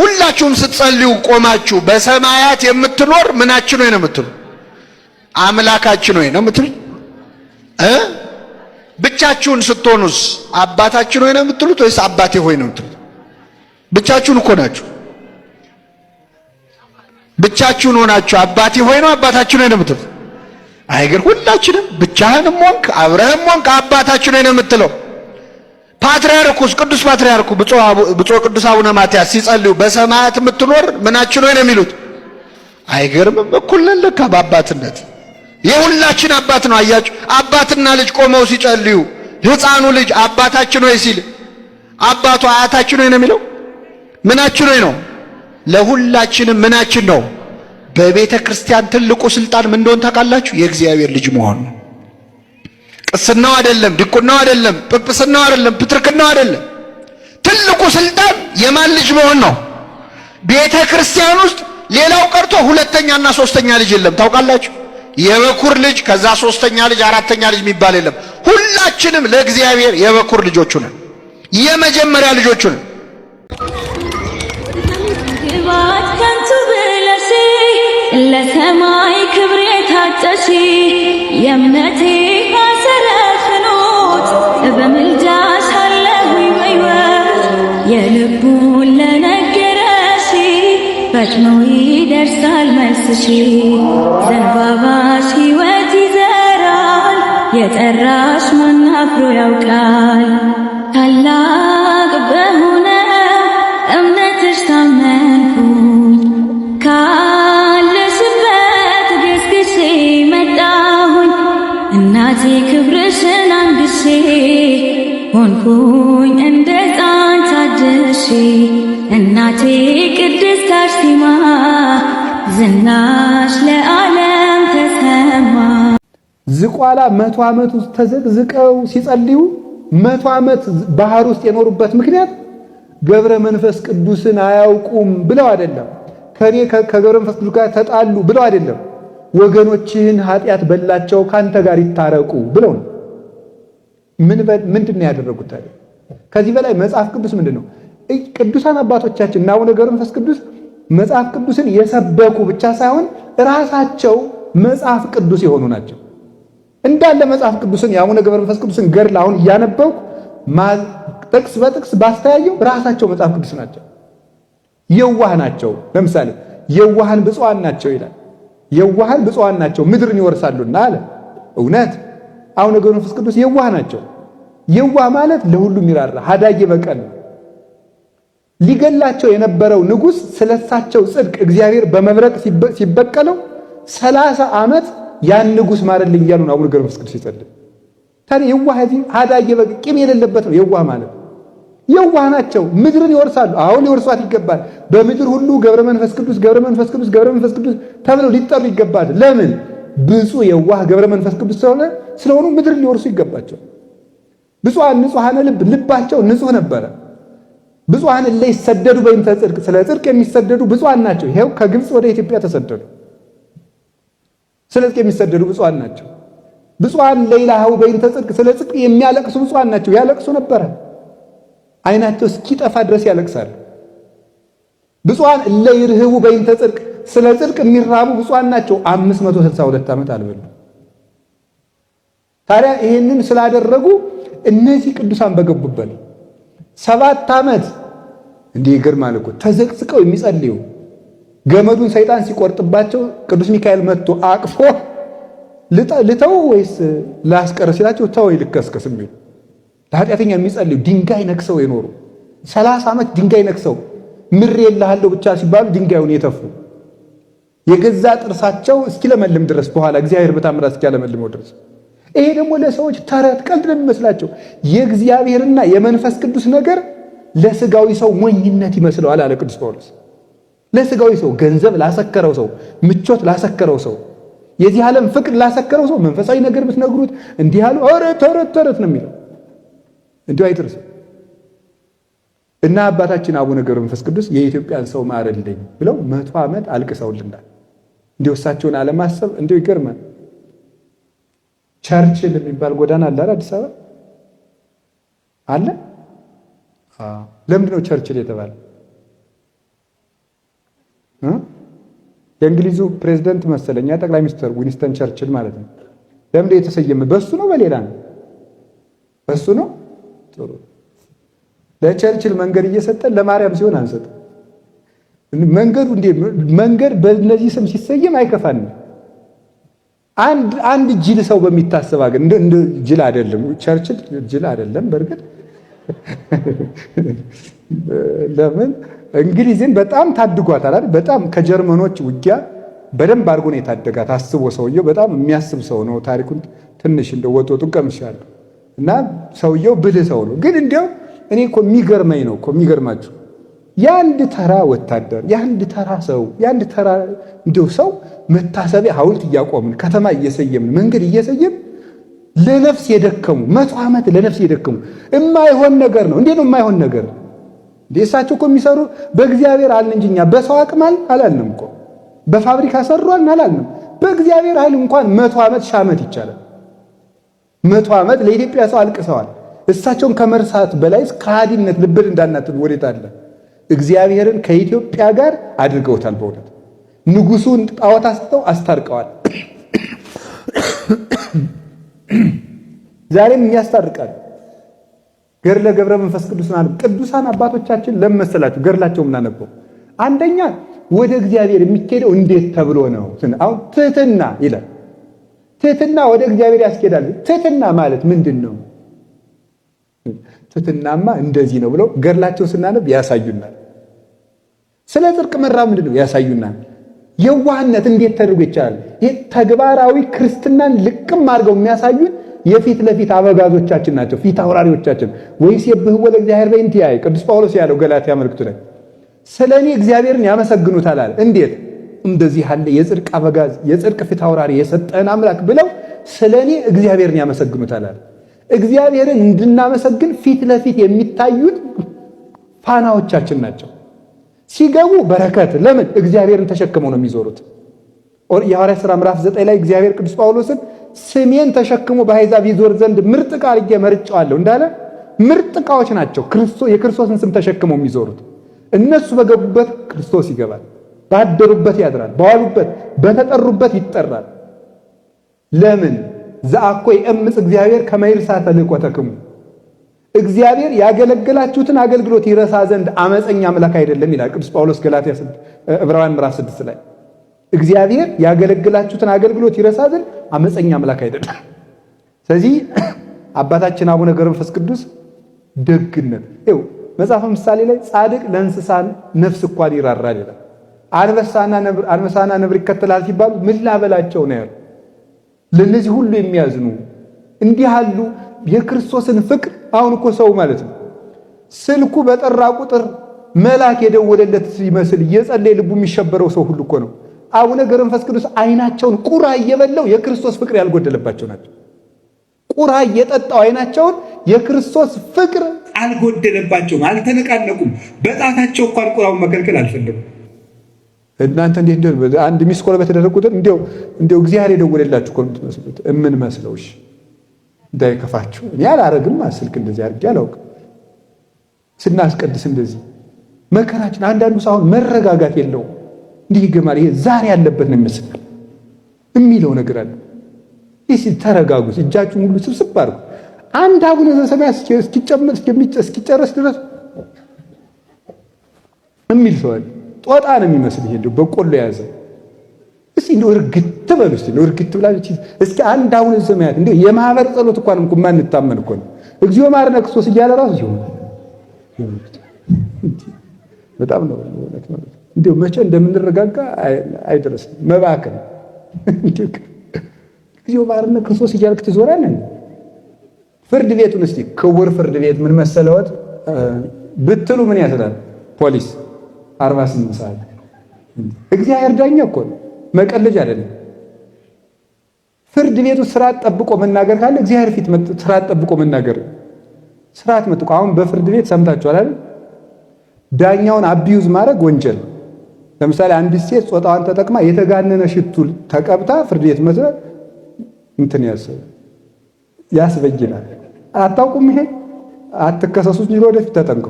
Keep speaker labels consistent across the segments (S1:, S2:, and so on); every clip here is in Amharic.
S1: ሁላችሁም ስትጸልዩ ቆማችሁ በሰማያት የምትኖር ምናችን ወይ ነው የምትሉ? አምላካችን ወይ ነው የምትሉ? እ ብቻችሁን ስትሆኑስ አባታችን ወይ ነው የምትሉት ወይስ አባቴ ሆይ ነው የምትሉት? ብቻችሁን እኮ ናችሁ። ብቻችሁን ሆናችሁ አባቴ ሆይ ነው አባታችን ወይ ነው የምትሉት? አይገር ሁላችንም ብቻህንም ሆንክ አብረህም ሆንክ አባታችን ወይ ነው የምትለው ፓትርያርኩስ ቅዱስ ፓትርያርኩ ብፁዕ ቅዱስ አቡነ ማትያስ ሲጸልዩ በሰማያት የምትኖር ምናችን ወይ ነው የሚሉት? አይገርምም? እኩል ነን በአባትነት። የሁላችን አባት ነው። አያችሁ፣ አባትና ልጅ ቆመው ሲጸልዩ ሕፃኑ ልጅ አባታችን ወይ ሲል አባቱ አያታችን ወይ ነው የሚለው? ምናችን ወይ ነው? ለሁላችንም ምናችን ነው። በቤተ ክርስቲያን ትልቁ ስልጣን ምን እንደሆነ ታውቃላችሁ? የእግዚአብሔር ልጅ መሆን ነው። ቅስናው አይደለም፣ ድቁናው አይደለም፣ ጵጵስናው አይደለም፣ ፕትርክናው አይደለም። ትልቁ ስልጣን የማን ልጅ መሆን ነው? ቤተ ክርስቲያን ውስጥ ሌላው ቀርቶ ሁለተኛና ሶስተኛ ልጅ የለም። ታውቃላችሁ? የበኩር ልጅ ከዛ ሶስተኛ ልጅ አራተኛ ልጅ የሚባል የለም። ሁላችንም ለእግዚአብሔር የበኩር ልጆቹ ነን፣ የመጀመሪያ
S2: ልጆቹ ነን። ለሰማይ ክብር ታጨሺ የእምነቴ ፊትሽ ዘንባባ ሕይወት ይዘራል። የጠራሽ ማን አብሮ ያውቃል? ታላቅ በሆነ እምነትሽ ታመንኩኝ። ካለሽበት ገስግሼ መጣሁኝ። እናቴ ክብርሽን አንግሼ ሆንኩኝ እንደ ሕፃን ታድሼ እናቴ ቅድስት አርሴማ ዝናሽ ለዓለም ተሰማ።
S1: ዝቋላ መቶ ዓመት ውስጥ ተዘቅዝቀው ሲጸልዩ መቶ ዓመት ባህር ውስጥ የኖሩበት ምክንያት ገብረ መንፈስ ቅዱስን አያውቁም ብለው አይደለም። ከኔ ከገብረ መንፈስ ቅዱስ ጋር ተጣሉ ብለው አይደለም። ወገኖችህን ኃጢአት በላቸው ካንተ ጋር ይታረቁ ብለው ነው። ምን ምንድን ነው ያደረጉት ታዲያ? ከዚህ በላይ መጽሐፍ ቅዱስ ምንድን ነው? ቅዱሳን አባቶቻችን እና አቡነ ገብረ መንፈስ ቅዱስ መጽሐፍ ቅዱስን የሰበኩ ብቻ ሳይሆን ራሳቸው መጽሐፍ ቅዱስ የሆኑ ናቸው። እንዳለ መጽሐፍ ቅዱስን የአቡነ ገብረ መንፈስ ቅዱስን ገድል አሁን እያነበብኩ ጥቅስ በጥቅስ ባስተያየው ራሳቸው መጽሐፍ ቅዱስ ናቸው። የዋህ ናቸው። ለምሳሌ የዋሃን ብፁዓን ናቸው ይላል። የዋህን ብፁዓን ናቸው ምድርን ይወርሳሉና አለ። እውነት አቡነ ገብረ መንፈስ ቅዱስ የዋህ ናቸው። የዋህ ማለት ለሁሉም ይራራ ሀዳጌ በቀል ሊገላቸው የነበረው ንጉሥ ስለሳቸው ጽድቅ እግዚአብሔር በመብረቅ ሲበቀለው ሰላሳ ዓመት ያን ንጉሥ ማረልኝ እያሉ ነው አቡነ ገብረ መንፈስ ቅዱስ ይጸልይ። ታዲያ የዋህ ሀዳ እየበቅ ቂም የሌለበት ነው የዋህ ማለት የዋህ ናቸው። ምድርን ይወርሳሉ። አሁን ሊወርሷት ይገባል። በምድር ሁሉ ገብረ መንፈስ ቅዱስ ገብረ መንፈስ ቅዱስ ገብረ መንፈስ ቅዱስ ተብለው ሊጠሩ ይገባል። ለምን ብፁዕ የዋህ ገብረ መንፈስ ቅዱስ ስለሆነ ስለሆኑ ምድርን ሊወርሱ ይገባቸው። ብፁዓን ንጹሐነ ልብ ልባቸው ንጹህ ነበረ። ብፁዓን እለ ይሰደዱ በይምተ ጽድቅ፣ ስለ ጽድቅ የሚሰደዱ ብፁዓን ናቸው። ይሄው ከግብፅ ወደ ኢትዮጵያ ተሰደዱ። ስለ ጽድቅ የሚሰደዱ ብፁዓን ናቸው። ብፁዓን እለ ይላሃው በይምተ ጽድቅ፣ ስለ ጽድቅ የሚያለቅሱ ብፁዓን ናቸው። ያለቅሱ ነበረ፣ አይናቸው እስኪጠፋ ድረስ ያለቅሳሉ። ብፁዓን እለ ይርህቡ በይምተ ጽድቅ፣ ስለ ጽድቅ የሚራቡ ብፁዓን ናቸው። 562 ዓመት አልበሉ። ታዲያ ይህንን ስላደረጉ እነዚህ ቅዱሳን በገቡበት ሰባት ዓመት እንዲህ ይገርማል እኮ ተዘቅዝቀው የሚጸልዩ ገመዱን ሰይጣን ሲቆርጥባቸው ቅዱስ ሚካኤል መጥቶ አቅፎ ልተው ወይስ ላስቀረ ሲላቸው ተው ይልከስከስ የሚሉ ለኃጢአተኛ የሚጸልዩ ድንጋይ ነክሰው የኖሩ ሰላሳ ዓመት ድንጋይ ነክሰው ምሬ የለሃለው ብቻ ሲባሉ ድንጋዩን የተፉ የገዛ ጥርሳቸው እስኪለመልም ድረስ በኋላ እግዚአብሔር በታምራት እስኪያለመልመው ድረስ ይሄ ደግሞ ለሰዎች ተረት ቀልድ ነው የሚመስላቸው። የእግዚአብሔርና የመንፈስ ቅዱስ ነገር ለስጋዊ ሰው ሞኝነት ይመስለዋል አለ ቅዱስ ጳውሎስ። ለስጋዊ ሰው ገንዘብ ላሰከረው ሰው፣ ምቾት ላሰከረው ሰው፣ የዚህ ዓለም ፍቅር ላሰከረው ሰው መንፈሳዊ ነገር ብትነግሩት እንዲህ ያሉ ኧረ ተረት ተረት ነው የሚለው እንዲሁ አይደርስም። እና አባታችን አቡነ ገብረ መንፈስ ቅዱስ የኢትዮጵያን ሰው ማረልኝ ብለው መቶ ዓመት አልቅሰውልናል። እንዲሁ እሳቸውን አለማሰብ እንዲሁ ይገርማል። ቸርችል የሚባል ጎዳና አለ አዲስ አበባ አለ። ለምንድን ነው ቸርችል የተባለ? የእንግሊዙ ፕሬዚደንት መሰለኛ ጠቅላይ ሚኒስትር ዊንስተን ቸርችል ማለት ነው። ለምንድን የተሰየመ በሱ ነው በሌላ ነው? በሱ ነው። ጥሩ ለቸርችል መንገድ እየሰጠን ለማርያም ሲሆን አንሰጥ መንገዱ እንዴ መንገድ በእነዚህ ስም ሲሰየም አይከፋንም። አንድ አንድ ጅል ሰው በሚታሰብ ሀገር እንደ ጅል አይደለም ቸርችል ጅል አይደለም። በእርግጥ ለምን እንግሊዝን በጣም ታድጓታል አይደል? በጣም ከጀርመኖች ውጊያ በደንብ አድርጎ ነው የታደጋት። አስቦ ሰውየው በጣም የሚያስብ ሰው ነው። ታሪኩን ትንሽ እንደ ወጦቱን ቀምሻለሁ እና ሰውየው ብልህ ሰው ነው። ግን እንዲያው እኔ እኮ የሚገርመኝ ነው እኮ የሚገርማችሁ የአንድ ተራ ወታደር የአንድ ተራ ሰው የአንድ ተራ እንደው ሰው መታሰቢያ ሐውልት እያቆምን ከተማ እየሰየምን መንገድ እየሰየም ለነፍስ የደከሙ መቶ ዓመት ለነፍስ የደከሙ የማይሆን ነገር ነው። እንዴት ነው የማይሆን ነገር? እሳቸው እኮ የሚሰሩ በእግዚአብሔር አለ እንጂ እኛ በሰው አቅማል አላልንም እኮ በፋብሪካ ሰሯል አላልንም። በእግዚአብሔር ኃይል እንኳን መቶ ዓመት ሺህ ዓመት ይቻላል። መቶ ዓመት ለኢትዮጵያ ሰው አልቅሰዋል። እሳቸውን ከመርሳት በላይስ ከሃዲነት ልብን እንዳናትን ወዴት አለ እግዚአብሔርን ከኢትዮጵያ ጋር አድርገውታል። በእውነት ንጉሱን ጣዖት አስተው አስታርቀዋል። ዛሬም የሚያስታርቃል። ገድለ ገብረ መንፈስ ቅዱስን አለ። ቅዱሳን አባቶቻችን ለምን መሰላችሁ? ገድላቸው ምናነበው አንደኛ ወደ እግዚአብሔር የሚኬደው እንዴት ተብሎ ነው? አሁን ትህትና ይላል። ትህትና ወደ እግዚአብሔር ያስኬዳል። ትህትና ማለት ምንድን ነው? ትትናማ እንደዚህ ነው ብለው ገድላቸው ስናነብ ያሳዩናል። ስለ ጽድቅ መራመድ ነው ያሳዩናል። የዋህነት እንዴት ተደርጎ ይቻላል? ይህ ተግባራዊ ክርስትናን ልቅም አድርገው የሚያሳዩን የፊት ለፊት አበጋዞቻችን ናቸው፣ ፊት አውራሪዎቻችን። ወይስ የብህወ ለእግዚአብሔር በእንቲአየ ቅዱስ ጳውሎስ ያለው ገላትያ መልእክቱ ላይ ስለ እኔ እግዚአብሔርን ያመሰግኑታል አለ። እንዴት እንደዚህ ያለ የጽድቅ አበጋዝ የጽድቅ ፊት አውራሪ የሰጠን አምላክ ብለው ስለ እኔ እግዚአብሔርን ያመሰግኑታል አለ። እግዚአብሔርን እንድናመሰግን ፊት ለፊት የሚታዩት ፋናዎቻችን ናቸው። ሲገቡ በረከት ለምን እግዚአብሔርን ተሸክመው ነው የሚዞሩት። የሐዋርያ ሥራ ምዕራፍ ዘጠኝ ላይ እግዚአብሔር ቅዱስ ጳውሎስን ስሜን ተሸክሞ በአሕዛብ ይዞር ዘንድ ምርጥ ዕቃ አድርጌ መርጬዋለሁ እንዳለ ምርጥ ዕቃዎች ናቸው የክርስቶስን ስም ተሸክመው የሚዞሩት። እነሱ በገቡበት ክርስቶስ ይገባል፣ ባደሩበት ያድራል፣ በዋሉበት በተጠሩበት ይጠራል። ለምን ዘአኮ የእምፅ እግዚአብሔር ከመይርሳ ተልእኮ ተክሙ እግዚአብሔር ያገለገላችሁትን አገልግሎት ይረሳ ዘንድ አመፀኛ አምላክ አይደለም ይላል ቅዱስ ጳውሎስ ገላትያ ዕብራውያን ምዕራፍ ስድስት ላይ እግዚአብሔር ያገለግላችሁትን አገልግሎት ይረሳ ዘንድ አመፀኛ አምላክ አይደለም። ስለዚህ አባታችን አቡነ ገብረ መንፈስ ቅዱስ ደግነት ይኸው መጽሐፈ ምሳሌ ላይ ጻድቅ ለእንስሳ ነፍስ እንኳን ይራራል ይላል። አንበሳና ነብር ይከተላል ሲባሉ ምን ላበላቸው ነው ያሉ ለእነዚህ ሁሉ የሚያዝኑ እንዲህ አሉ። የክርስቶስን ፍቅር አሁን እኮ ሰው ማለት ነው ስልኩ በጠራ ቁጥር መልአክ የደወለለት ሲመስል እየጸለየ ልቡ የሚሸበረው ሰው ሁሉ እኮ ነው። አቡነ ገብረ መንፈስ ቅዱስ አይናቸውን ቁራ እየበላው የክርስቶስ ፍቅር ያልጎደለባቸው ናቸው። ቁራ እየጠጣው አይናቸውን የክርስቶስ ፍቅር አልጎደለባቸውም፣ አልተነቃነቁም። በጣታቸው እንኳን ቁራውን መከልከል አልፈለጉም። እናንተ እንዴት እንደሆነ አንድ ሚስ ኮል በተደረገ ቁጥር እንዲያው እንዲያው እግዚአብሔር የደወለላችሁ እኮ የምትመስሉት እምን መስለው። እሺ እንዳይከፋችሁ እኔ አላረግም ስልክ እንደዚህ አድርጌ አላውቅም። ስናስቀድስ እንደዚህ መከራችን አንዳንዱ ሳሁን መረጋጋት የለው እንዲህ ይገማል። ይሄ ዛሬ ያለበት ነው ይመስላል የሚለው ነገር አለ። ይህ ተረጋጉ፣ እጃችሁን ሁሉ ስብስብ አድርጉ። አንድ አቡነ ዘበሰማያት እስኪጨመር እስኪጨርስ ድረስ የሚል ሰው አለ። ጦጣ ነው የሚመስል ይሄ እንደው በቆሎ የያዘ እስቲ እንደው እርግት በሉ እስቲ እንደው እርግት ብላችሁ እስቲ አንድ አሁን ዘመያት እንደው የማህበር ጸሎት እንኳን እንኳን ማንታመን እኮ ነው። እግዚኦ ማርነ ክርስቶስ እያለ ራሱ ይሁን በጣም ነው እንደው መቼ እንደምንረጋጋ አይደረስም። መባከን እግዚኦ ማርነ ክርስቶስ እያልክ ትዞራለህ። ፍርድ ቤቱን እስቲ ክቡር ፍርድ ቤት ምን መሰለወት ብትሉ ምን ያስላል ፖሊስ አርባ ስምንት ሰዓት እግዚአብሔር ዳኛ እኮ ነው፣ መቀለጃ አይደለም። ፍርድ ቤቱ ስርዓት ጠብቆ መናገር ካለ እግዚአብሔር ፊት ስርዓት ጠብቆ መናገር ስርዓት መጥቆ አሁን በፍርድ ቤት ሰምታችኋል አይደል? ዳኛውን አቢዩዝ ማድረግ ወንጀል። ለምሳሌ አንዲት ሴት ጾታዋን ተጠቅማ የተጋነነ ሽቱ ተቀብታ ፍርድ ቤት መጥቶ እንትን ያሰበ ያስበይናል። አታውቁም? ይሄ አትከሰሱት እንጂ ወደፊት ተጠንቅቁ።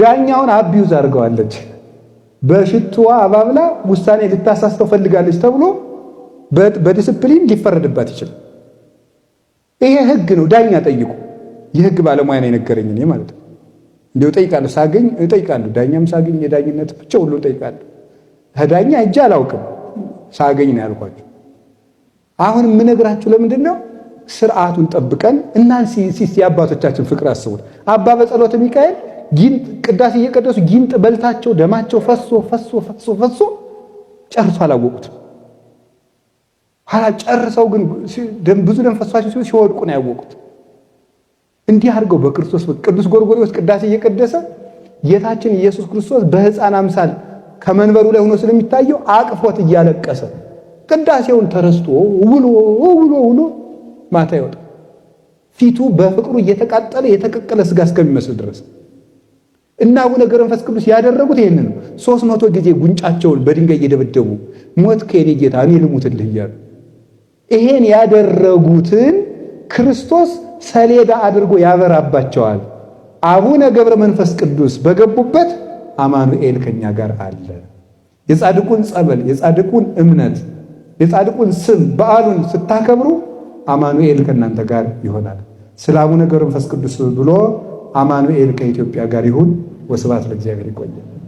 S1: ዳኛውን አቢዩዝ አድርገዋለች። በሽትዋ አባብላ ውሳኔ ልታሳስተው ፈልጋለች ተብሎ በዲስፕሊን ሊፈረድባት ይችላል። ይሄ ህግ ነው። ዳኛ ጠይቁ። የህግ ባለሙያ ነው የነገረኝ እኔ ማለት ነው። እንዲሁ እጠይቃለሁ፣ ሳገኝ እጠይቃለሁ። ዳኛም ሳገኝ የዳኝነት ብቻ ሁሉ እጠይቃለሁ። ዳኛ እጅ አላውቅም፣ ሳገኝ ነው ያልኳቸው። አሁን የምነግራችሁ ለምንድን ነው? ስርዓቱን ጠብቀን ሲስ የአባቶቻችን ፍቅር አስቡት። አባ በጸሎተ ሚካኤል ጊንጥ ቅዳሴ እየቀደሱ ጊንጥ በልታቸው ደማቸው ፈሶ ፈሶ ፈሶ ፈሶ ጨርሶ አላወቁትም። ኋላ ጨርሰው ግን ብዙ ደም ፈሷቸው ሲሆን ሲወድቁ ነው ያወቁት። እንዲህ አድርገው በክርስቶስ ቅዱስ ጎርጎርዮስ ቅዳሴ እየቀደሰ ጌታችን ኢየሱስ ክርስቶስ በሕፃን አምሳል ከመንበሩ ላይ ሆኖ ስለሚታየው አቅፎት እያለቀሰ ቅዳሴውን ተረስቶ ውሎ ውሎ ውሎ ማታ ይወጣ ፊቱ በፍቅሩ እየተቃጠለ የተቀቀለ ስጋ እስከሚመስል ድረስ እና አቡነ ገብረ መንፈስ ቅዱስ ያደረጉት ይህን ነው። ሦስት መቶ ጊዜ ጉንጫቸውን በድንጋይ እየደበደቡ ሞት ከኔ ጌታ እኔ ልሙትልህ እያሉ ይሄን ያደረጉትን ክርስቶስ ሰሌዳ አድርጎ ያበራባቸዋል። አቡነ ገብረ መንፈስ ቅዱስ በገቡበት አማኑኤል ከኛ ጋር አለ። የጻድቁን ጸበል፣ የጻድቁን እምነት፣ የጻድቁን ስም በዓሉን ስታከብሩ አማኑኤል ከእናንተ ጋር ይሆናል። ስለ አቡነ ገብረ መንፈስ ቅዱስ ብሎ አማኑኤል ከኢትዮጵያ ጋር ይሁን። ወስብሐት ለእግዚአብሔር። ይቆያል።